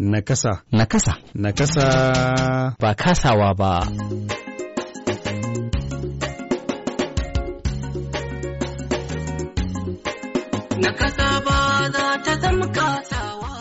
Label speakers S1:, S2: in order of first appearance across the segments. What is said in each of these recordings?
S1: Nakasa. Nakasa. Nakasa. Ba kasawa ba. Nakasa ba za ta zama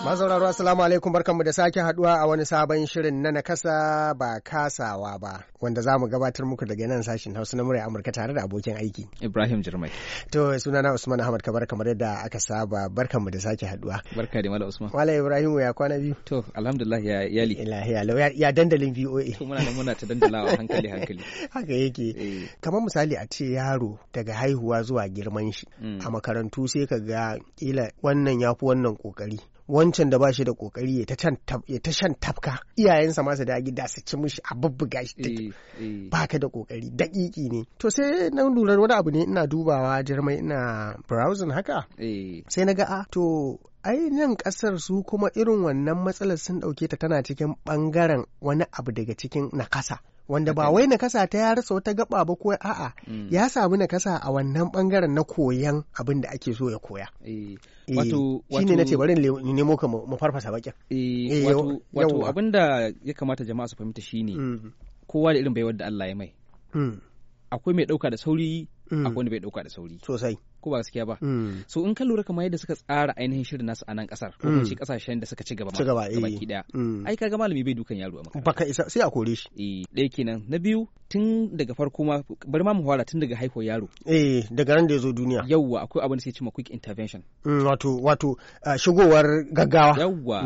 S2: Mazauraro Assalamu alaikum barkanmu da sake haduwa a wani sabon shirin na nakasa ba kasawa ba wanda za mu gabatar muku daga nan sashin Hausa na murya Amurka tare da abokin aiki. Ibrahim Jirmai. To sunana Usman Ahmad Kabar kamar yadda aka saba barkanmu da sake haduwa.
S1: Barka da Malam Usman.
S2: Wala Ibrahim ya kwana biyu. To
S1: alhamdulillah ya yali. Ilahi
S2: lau ya dandalin VOA. To muna
S1: nan muna ta dandalawa hankali hankali.
S2: Haka yake. Eh. Kamar misali a ce yaro daga haihuwa zuwa girman shi mm. a makarantu sai ka ga kila wannan ya fi wannan kokari wancan da ba shi da kokari ya ta shan tafka iyayensa ma su dagi da su ci mishi a bubbuga shi eh, eh. ba ka da kokari daƙiƙi ne to sai na lura wani abu ne ina dubawa jirmai ina browsing haka eh. sai na ga a ah, to ai nan kasar su kuma irin wannan matsalar sun dauke ta tana cikin bangaren wani abu daga cikin nakasa wanda ba wai nakasa ta ya rasa wata gaba ba ko a'a mm. ya samu nakasa a wannan bangaren na koyan abin da ake so ya koya eh, eh, wato shine ce bari ne ka mu farfasa bakin eh, wato abin
S1: da ya kamata jama'a su fahimta shine mm. kowa da irin baiwar da Allah ya mai mm. akwai mai dauka da sauri akwai wanda bai dauka da sauri sosai ko ba gaskiya ba mm. so in ka lura kamar yadda suka tsara ainihin shirin nasu a nan kasar ko kuma mm. shi kasashen da suka ci gaba ci gaba baki daya eh. mm. ai kaga malami bai dukan yaro a makaranta
S2: baka isa sai a kore shi eh dai
S1: kenan na biyu tun daga farko ma bar ma mu fara tun daga haihuwar yaro eh daga ran da yazo duniya yawwa akwai abin da suke cewa quick intervention wato wato shigowar gaggawa yawwa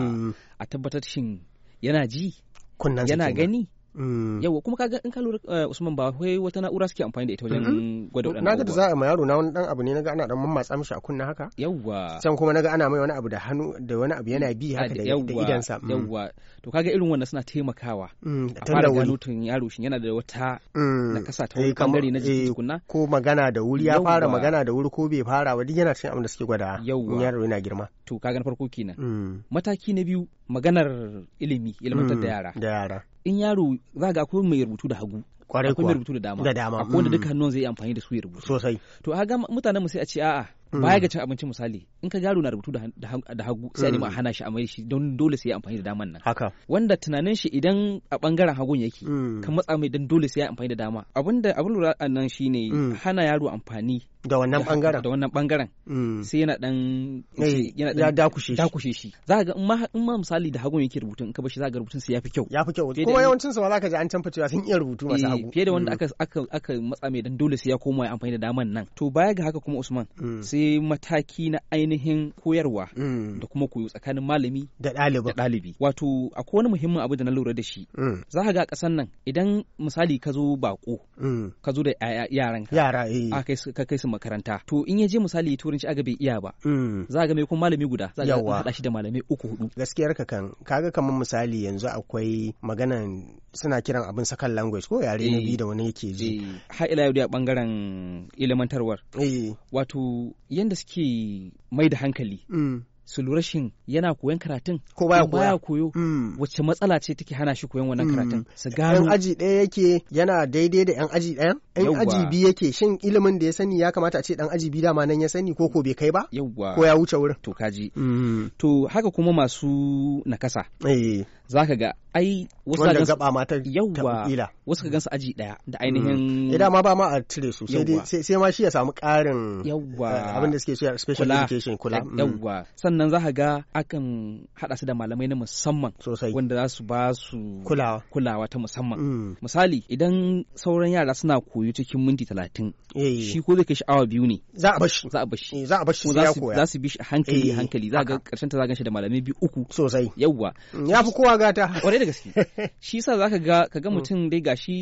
S1: a tabbatar shin yana ji Kunnan yana gani Mm. yawa kuma kaga in ka lura eh, Usman ba wai wata na'ura suke amfani da ita wajen gwada wadannan naga da
S2: za a ma yaro na wani dan abu ne naga ana dan mamatsa mishi a kunna haka
S1: yawa can
S2: kuma naga ana mai wani abu da hannu da wani abu yana bi haka da sa mm. yawa to kaga irin wannan suna taimakawa mm, a fara gano
S1: tun yaro shin yana da wata
S2: Na kasa ta eh, wani bangare na jiki eh, kunna ko magana da wuri ya fara magana da wuri ko bai fara ba duk yana cikin abin da suke gwada yaro yana girma to kaga na farko
S1: kenan
S2: mataki na biyu maganar
S1: ilimi ilmantar da yara da yara in yaro za ga akwai mai rubutu da hagu kwarai kuwa akwai rubutu da dama da dama akwai wanda mm. duka hannun zai yi amfani da su ya rubutu sosai to a ga mutanen mu sai a ce a'a mm. baya ga cin abinci misali in ka yaro na rubutu da hagu sai a mm. hana shi a mai shi don dole sai ya amfani da daman nan haka wanda tunanin shi idan a bangaren hagun yake kan matsa mai don dole sai ya amfani da dama abinda abin lura a nan shine hana yaro amfani Da wannan bangaren da wannan bangaren mm. sai yana dan eh, yana dan dakushe shi dakushe shi za ga in ma in ma misali da hagun yake rubutun in ka bashi za ga rubutun sa yafi kyau yafi kyau kuma
S2: yawancin su ba za ka ji an canfa cewa sun iya rubutu masu eh, hagu fiye da wanda mm.
S1: aka aka aka matsa mai dan dole sai ya koma ya amfani da daman nan to baya ga haka kuma Usman mm. sai mataki na ainihin koyarwa da kuma koyo tsakanin malami da ɗalibi da ɗalibi wato akwai wani muhimmin abu da na lura da shi za ka ga kasan nan idan misali ka zo bako ka zo da yaran ka. yara eh ka kai su makaranta to in ya je misali turanci aga bai iya ba hmm. za ga mai kuma malami guda za ga hada shi
S2: da malamai uku hudu gaskiyar ka kan kaga kamar misali yanzu akwai maganan suna kiran abin sakan language ko yare na biyu da wani yake ji
S1: eh, eh, har ila yau a bangaren ilimantarwar eh. wato yanda suke mai da hankali hmm. su lura shin yana koyon karatun ko baya koyo hmm. wacce matsala ce take hana shi koyon wannan karatun hmm. su gano yan aji
S2: ɗaya yake yana daidai da yan aji ɗaya yan aji biyu yake shin ilimin da ya sani ya kamata a ce dan aji biyu dama nan ya sani ko ko bai kai ba ko ya
S1: wuce wurin to kaji hmm. to haka kuma masu nakasa
S2: eh. zaka ga ai wasu ga gansu gaba
S1: mata yawa wasu ka gansu aji daya da
S2: mm. ainihin idan eh, ma ba ma a cire su sai sai ma shi ya samu karin yawa eh, abin da suke
S1: so special education
S2: kula eh, mm. yawa
S1: sannan zaka ga akan hada su da malamai na musamman sosai wanda za su ba su kulawa kulawa ta musamman mm. misali idan sauran yara suna koyo cikin minti talatin shi ko zai kai sha'awa biyu ne za a bashi za a bashi za a bashi sai koya za su bi shi hankali hankali za ga karshen ta za ga shi da malamai biyu uku sosai yawa
S2: ya fi kowa gata kwarai da gaske
S1: shi yasa zaka ga mm. mutum dai gashi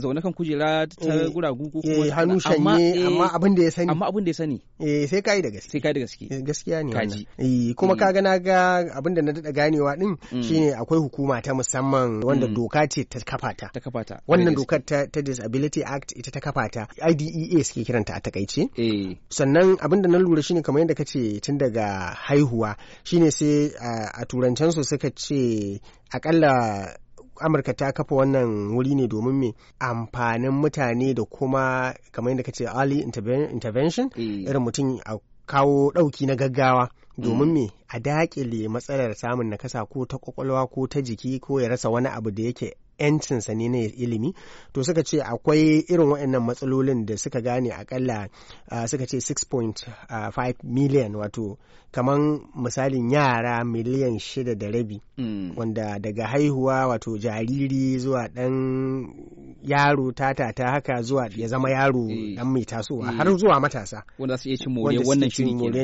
S1: zaune kan kujera ta eh, guragu ko kuma eh, hannu shanye amma eh, abin da ya sani amma
S2: abin da ya sani eh sai kai da gaske sai kai da gaske gaskiya ne wannan eh kuma kaga na ga abin da na dada ganewa din mm. shine akwai hukuma ta musamman wanda mm. doka ce ta kafata ta kafata wannan dokar ta ta disability act ita ta kafata IDEA suke kiranta a takaice eh sannan abin da na lura shine kamar yadda kace tun daga haihuwa shine sai a turancen su suka ce akalla amurka ta kafa wannan wuri ne domin me amfanin mutane da kuma kamar yadda kace early intervention eh. irin mutum a kawo ɗauki na gaggawa domin mm. me a dakile matsalar samun nakasa ko ta kwakwalwa ko ta jiki ko ya rasa wani abu da yake yancinsa ne na ilimi to suka ce akwai irin waɗannan matsalolin da suka gane akalla ah, suka ce 6.5 ah, million wato kaman misalin yara miliyan shida da rabi mm. wanda daga haihuwa wato jariri zuwa ɗan yaro tata ta haka zuwa ya zama yaro dan eh. mai tasowa eh. har zuwa
S1: matasa wanda su iya cin moriyar wannan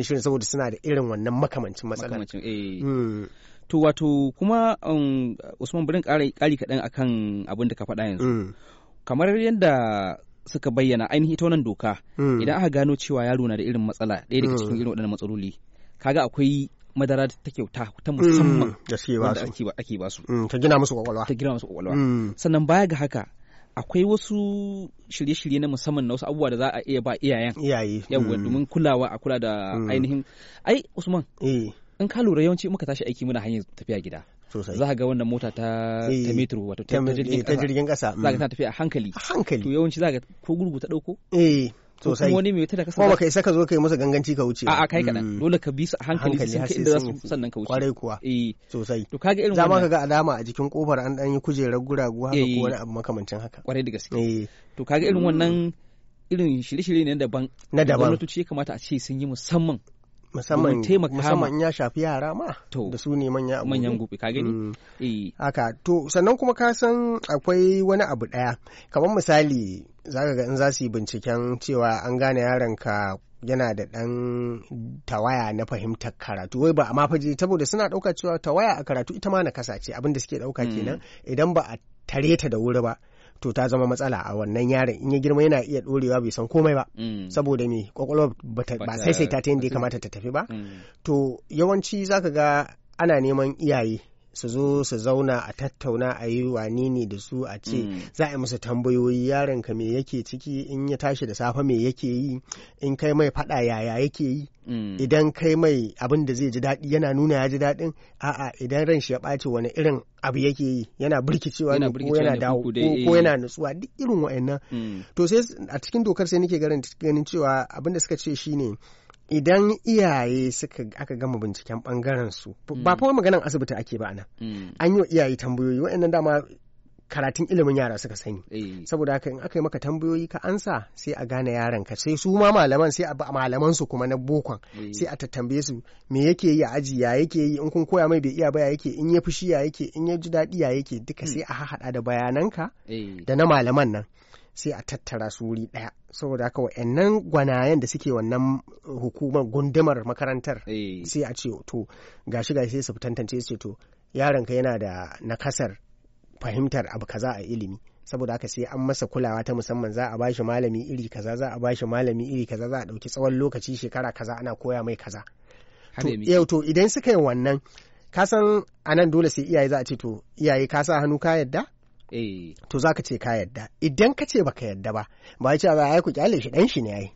S2: shirin saboda suna da irin wannan makamancin matsalar eh. mm. To wato kuma
S1: um, Usman Birin ƙari kaɗan akan abin da ka faɗa yanzu. Mm. Kamar yadda suka bayyana ainihi ita wannan doka mm. idan aka gano cewa yaro na da irin matsala ɗaya daga mm. cikin irin waɗannan matsaloli kaga akwai madara ta kyauta ta musamman da ake ba su ta gina musu kwakwalwa ta gina musu kwakwalwa sannan baya ga haka akwai wasu shirye-shirye na musamman na wasu abubuwa da za a iya ba iyayen iyaye yawa domin kulawa a kula da ainihin ai Usman eh. in ka lura yawanci muka tashi aiki muna hanyar tafiya gida sosai za ga wannan mota ta eh, metro wato ta jirgin kasa za ka mm. tana tafiya a hankali hankali to yawanci za ka ko gurgu ta dauko eh sosai kuma wani mai wata da kasa kuma baka isa
S2: ka zo kai musu ganganci ka wuce a kai kadan mm. dole ka bi su a hankali sai ka inda su sannan ka wuce kwarai kuwa eh sosai to kaga irin zama ga alama a jikin kofar an dan yi kujerar guragu haka ko eh. wani abu makamancin haka kwarai da gaske eh to kaga irin mm. wannan
S1: irin shirye-shirye ne daban
S2: na daban gwamnatoci ya kamata a ce sun yi musamman musamman musamman ya shafi yara ma da su ne manya manyan gobe ka gani mm. eh. haka to sannan kuma ka san akwai wani abu daya kamar misali zaka ga in za su yi binciken cewa an gane yaron ka yana da ɗan tawaya na fahimtar karatu wai ba a mafaje saboda suna ɗauka cewa tawaya a karatu ita ma na kasace abinda suke ɗauka mm. kenan idan ba a tare ta da wuri ba to ta zama matsala a wannan yarin in ya girma yana iya dorewa bai san komai ba mm. saboda me kwakwalwa ba sai sai ta ta da ya kamata ta tafi ba mm. to yawanci zaka ga ana neman iyaye su zo su zauna a tattauna a yi wani ne da su a ce mm. za a yi musu tambayoyi yaron ka me yake ciki in ya tashi da safe me yake yi in kai mai fada yaya yake yi mm. idan kai mai abin da zai ji daɗi yana nuna ya ji daɗin a'a idan ran shi ya ɓaci wani irin abu yake yi yana birkicewa ne ko yana dawo ko eh, eh. yana nutsuwa duk irin wa'annan mm. to sai a cikin dokar sai nake ganin cewa abin da suka ce shine idan iyaye suka aka gama binciken bangaren su ba mm. fa maganan asibiti ake ba nan mm. an yi iyaye tambayoyi wa'annan dama karatun ilimin yara suka sani eh. saboda haka in aka yi maka tambayoyi ka ansa sai a gane yaran ka sai su ma malaman sai a malaman su kuma na bokon eh. sai a tattambe su me yake yi a aji ya yake yi in kun koya mai bai iya ba ya yake in ya fushi ya yake in ya ji daɗi ya yake duka hmm. sai a haɗa da bayanan ka eh. da na malaman nan sai a tattara su wuri ɗaya saboda haka wa'annan gwanayen da suke wannan hukumar gundumar makarantar eh. sai a ce to gashi gashi sai su tantance su to to yaronka yana da nakasar fahimtar abu kaza a ilimi saboda haka sai an masa kulawa ta musamman za a bashi malami iri kaza za a bashi malami iri kaza za a ɗauki tsawon lokaci shekara kaza ana koya mai kaza yau to idan suka yi wannan kasan anan dole sai iyaye za a ce to iyaye ka sa hannu ka yadda Eh. to za ka ce ka yadda idan ka ce baka yadda ba ba ya ce ba ai ku kyale shi dan shi ne ai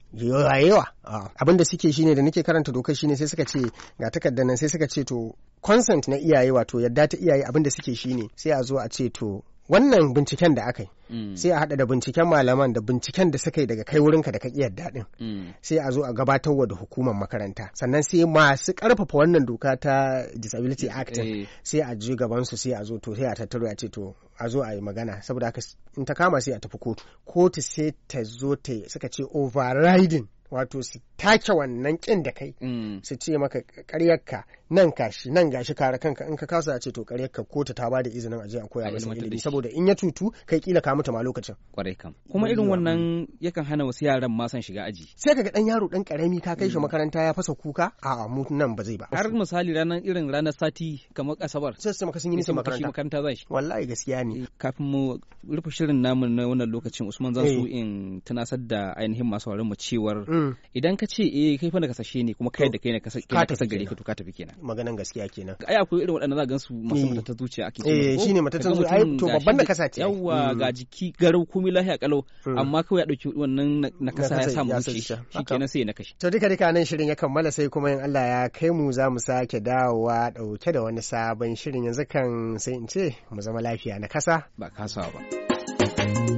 S2: yawa ah. abin da suke shine da nake karanta dokar shine sai suka ce ga takardar nan sai suka ce to consent na iyaye wato yadda ta iyaye abin da suke shine sai a zo a ce to wannan binciken da aka yi mm. sai a hada da binciken malaman da binciken da suka yi daga kai wurinka da ka iya daɗin mm. sai a zo a gabatarwa da hukumar makaranta sannan sai masu karfafa wannan doka ta disability act eh. sai a ji gaban su sai a zo to sai a tattaro a ce to a zo a yi magana saboda haka in ta kama sai a tafi kotu kotu sai ta zo ta suka ce overriding wato su take wannan kin da kai mm. su ce maka ƙaryarka nan kashi nan gashi kare kanka in ka kasa a ce to ƙaryarka kotu ta da izinin aje a koya masa ilimi saboda in ya tutu kai kila ka mutu ma lokacin kwarai kam kuma irin
S1: wannan yakan hana wasu yaran ma son shiga aji
S2: sai kaga dan yaro dan karami ka kai shi mm. makaranta ya fasa kuka a mu nan ba zai ba
S1: har misali ranar irin ranar sati kamar kasabar sai su maka sun yi nisan makaranta makaranta zan shi wallahi gaskiya ne eh, kafin mu rufe shirin namu na wannan lokacin Usman zan so eh. in tunasar da ainihin masu mu cewar mm. idan ka ka ce eh kai fa na kasashe ne kuma kai da kai na kasa gari ka to ka tafi kenan
S2: maganan gaskiya kenan
S1: ai akwai irin waɗannan za gan gansu masu eh. mutunta zuciya ake eh shine oh, mutunta zuciya to babban na kasa ce yawa hmm. ga jiki garau komai lafiya kalau hmm. amma kawai ya dauki wannan na kasa ya samu zuciya shikenan sai na kashi
S2: to duka duka nan shirin ya kammala sai kuma in Allah ya kai mu za mu sake dawowa dauke da wani sabon shirin yanzu kan sai in ce mu zama lafiya na kasa ba kasa ba thank you